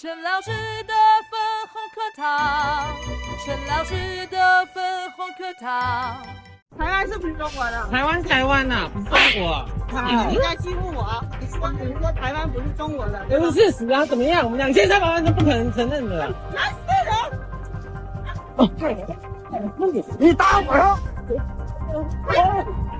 陳老師的粉紅課堂，陳老師的粉紅課堂。台灣是不是中國的？台灣台灣吶，不是中國、啊。啊、你在欺負我、啊？你說你說台灣不是中國的？這是事實啊！怎麼樣？我們兩千三百萬是不可能承認的。來四人。你打我、啊！啊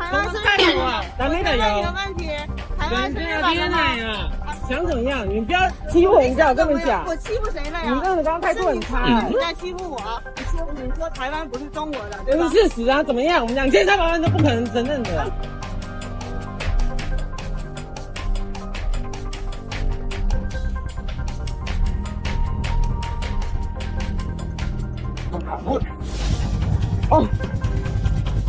台灣人太了、啊，咱沒得題，台灣要太奶啊，啊想怎麼樣？你不要欺負人家，我跟你講。我欺負誰了呀？你認為剛剛態度很差，你在欺負我、啊。你說你說台灣不是中國的，對這是事實啊？怎麼樣？我們兩千三百萬都不可能承認的、啊。我， 哦。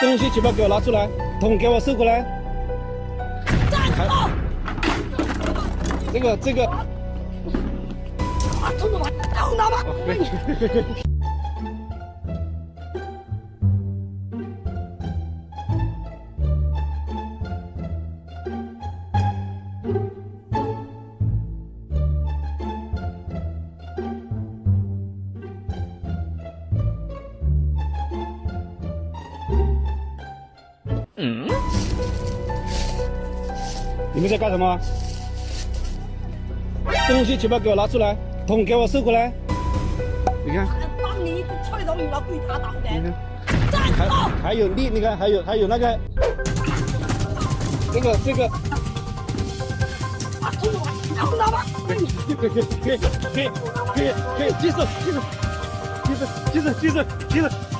東西全部給我拿出來，桶給我收回來。站住！啊啊這個！這個這個，啊，偷的吧，偷拿吧，我問你。嗯，你們在幹什麼？東西全部給我拿出來，桶給我收過來。你看。幫你踹到你了對他打你看。站住！還有力，你看，還有還有那個，這個這個。啊！衝我，衝我！可以可以可以可以可以可以，繼續繼續繼續繼續繼續。